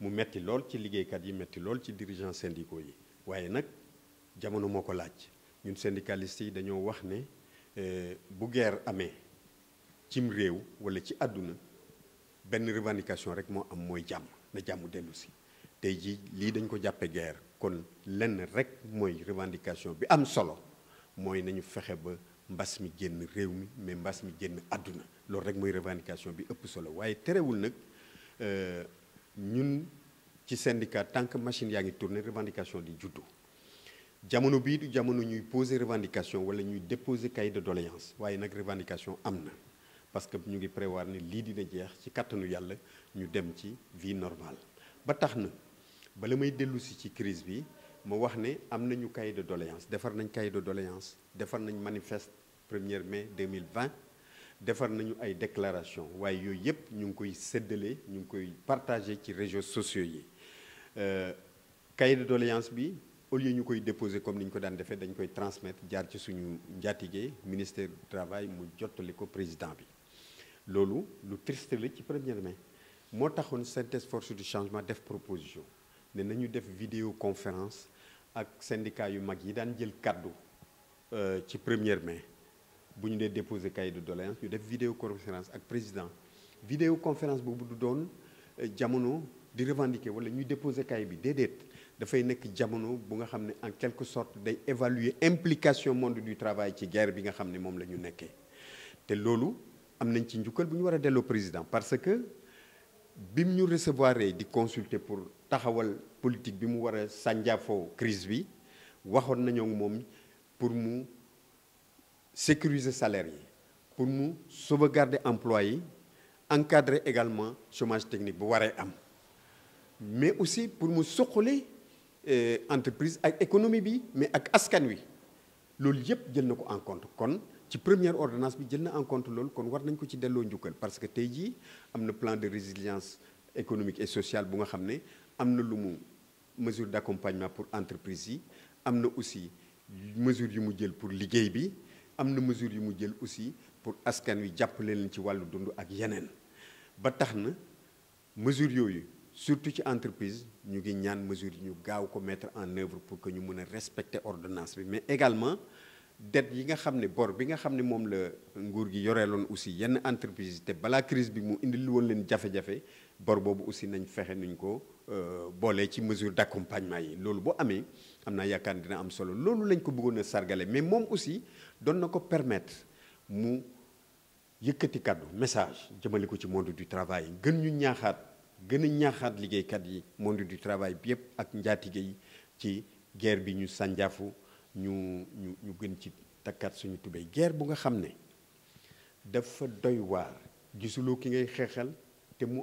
mu metti lool ci kat yi metti lool ci dirigeant syndicaux yi waaye nag jamono moo ko laaj ñun syndicalistes yi dañoo wax ne euh, bu guerre amee cim réew wala ci àdduna benn revendication rek moo am mooy jàmm na jàmm dellu si tey jii lii dañ ko jàppe guerre kon lenn rek mooy revendication bi am solo mooy nañu fexe ba mbas mi génn réew mi mais mbas mi génn àdduna loolu rek mooy revendication bi ëpp solo waaye terewul nag euh, ñun ci syndicat tant que machine yaa ngi tourner revendication di juddu jamono Nous du jamono ñuy poser revendication wala ñuy déposer cahier de doléance waye nak revendication amna parce que ñu ngi prévoir ni li dina jeex ci kàttanu yalla ñu dem ci vie normale ba taxna ba lamay may ci ci crise bi ma wax ne amna ñu cahier de doléance défar nañ cahier de doléance défar nañ manifeste 1er mai 2020 defar nañu ay déclaration waaye yooyu yëpp ñu ngi koy séddale ñu koy partagé ci réseaux sociaux yi euh, cahier de doléance bi au lieu ñu koy déposer comme nous ñu ko daan defee dañ koy transmettre jaar ci suñu njaatige ministère du travail mu jottali ko président bi loolu lu triste la ci première mai moo taxoon synthèse force du changement def proposition ne nañu def vidéoconférence ak syndicat yu mag yi daan jël Euh, ci première mai buñu nous déposer, déposé cahier de une ñu def avec ak président vidéo-conférence bobu du doon euh, jamono di revendiquer wala ñu bi jamono bu nga en quelque sorte day évaluer implication monde du travail ci guerre bi nga la ci président parce que bim ñu recevoir di consulter pour taxawal politique bi mu crise bi pour mu sécuriser salariés pour nous sauvegarder les encadrer également chômage technique mais aussi pour nous suqali l'entreprise euh, ak économie mais ak askan wi loolu yëpp nous ko en compte kon la première ordonnance nous jël pris en compte loolu kon war nañ ko parce que tey jii am plan de résilience économique et sociale bu nga xam mesures am mesure d'accompagnement pour l'entreprise, il am aussi mesure mesures pour liggéey bi amna mesure yu mu jël aussi pour askan wi jàppale len ci walu dundu ak yenen ba taxna mesure yoyu surtout ci entreprise ñu ngi ñaan mesure yi ñu gaaw ko mettre en œuvre pour que ñu mëna respecter ordonnance bi mais également dette yi nga xamné bor bi nga xamné mom le nguur gi yoreeloon aussi yenn entreprise te bala crise bi mu indil woon len jafe-jafe bor aussi nañ fexé nuñ ko euh, bolé ci mesure d'accompagnement yi bo boo amee am naa dina am solo lolu lañ ko bëggoon sargalé sargale mais mom aussi don nako permettre mu yëkëti kàddu message jëmale ci monde du travail gën ñu ñaaxaat gën a ñaaxaat kat yi monde du travail bi yépp ak njaatige yi ci guerre bi ñu sanjafu ñu ñu ñu gën ci takkat suñu tubéy guerre bu nga xamné dafa doy war gisulo ki ngay xexal te mu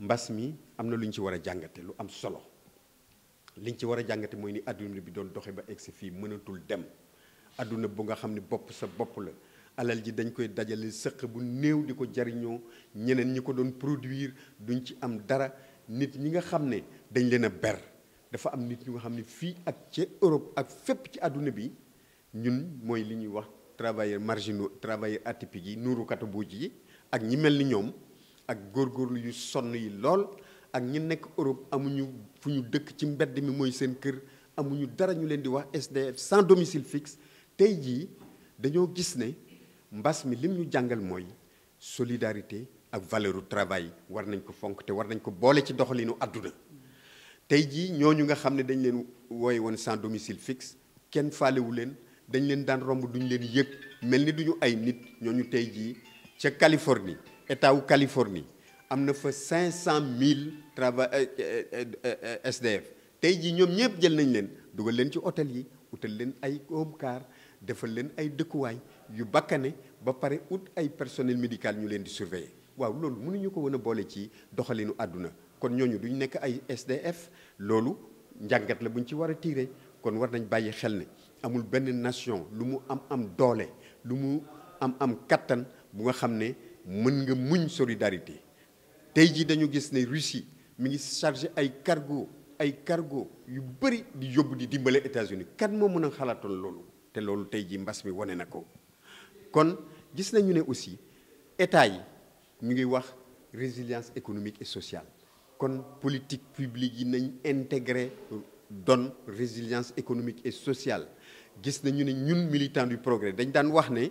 mbas mi am na lu ñu ci war a jàngate lu am solo liñ ci war a jàngate mooy ni adduna bi doon doxe ba egg si fii mënatul dem adduna bu nga xam ne bopp sa bopp la alal ji dañ koy dajale sëq bu néew di ko jariñoo ñeneen ñi ko doon produire duñ ci am dara nit ñi nga xam ne dañ leen a ber dafa am nit ñu nga xam ne fii ak ca Europe ak fépp ci àdduna bi ñun mooy li ñuy wax travailleurs marginaux travailleurs atypiques yi nuurukata buuj ji ak ñi mel ni ñoom ak góorgóorlu yu sonn yi lool ak ñi nekk Europe amuñu fu ñu dëkk ci mbedd mi mooy seen kër amuñu dara ñu leen di wax SDF sans domicile fixe tey jii dañoo gis ne mbas mi lim ñu jàngal mooy solidarité ak valeuru travail war nañ ko fonk te war nañ ko boole ci doxalinu àdduna tey jii ñooñu nga xam ne dañ leen wooye woon sans domicile fixe kenn faalewu leen dañ leen daan romb duñ leen yëg mel ni duñu ay nit ñooñu tey jii ca Californie état wu Californie am na fa 500000 travail SDF tey jii ñoom ñëpp jël nañ leen dugal leen ci hôtel yi utal leen ay home car defal leen ay dëkkuwaay yu bakkane ba pare ut ay personnel médical ñu leen di surveiller waaw loolu mënuñu ko wan a boole ci doxalinu aduna. kon ñooñu duñ nekk ay SDF loolu jangkat la buñ ci war a kon war nañ bàyyi xel amul benn nation lumu am am doole lumu am am katan bu nga mën nga muñ solidarité tey jii dañu gis ne Russie mi ngi chargé ay cargo ay cargo yu bari di yóbbu di dimbalé États-Unis kan mo mëna a xalaatoon loolu te loolu tey mbass mi woné nako kon gis nañu né aussi état yi ñu ngi wax résilience économique et sociale kon politique publique yi nañ intégrer donne résilience économique et sociale gis nañu né ñun militants du progrès dañ dan wax né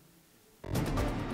あ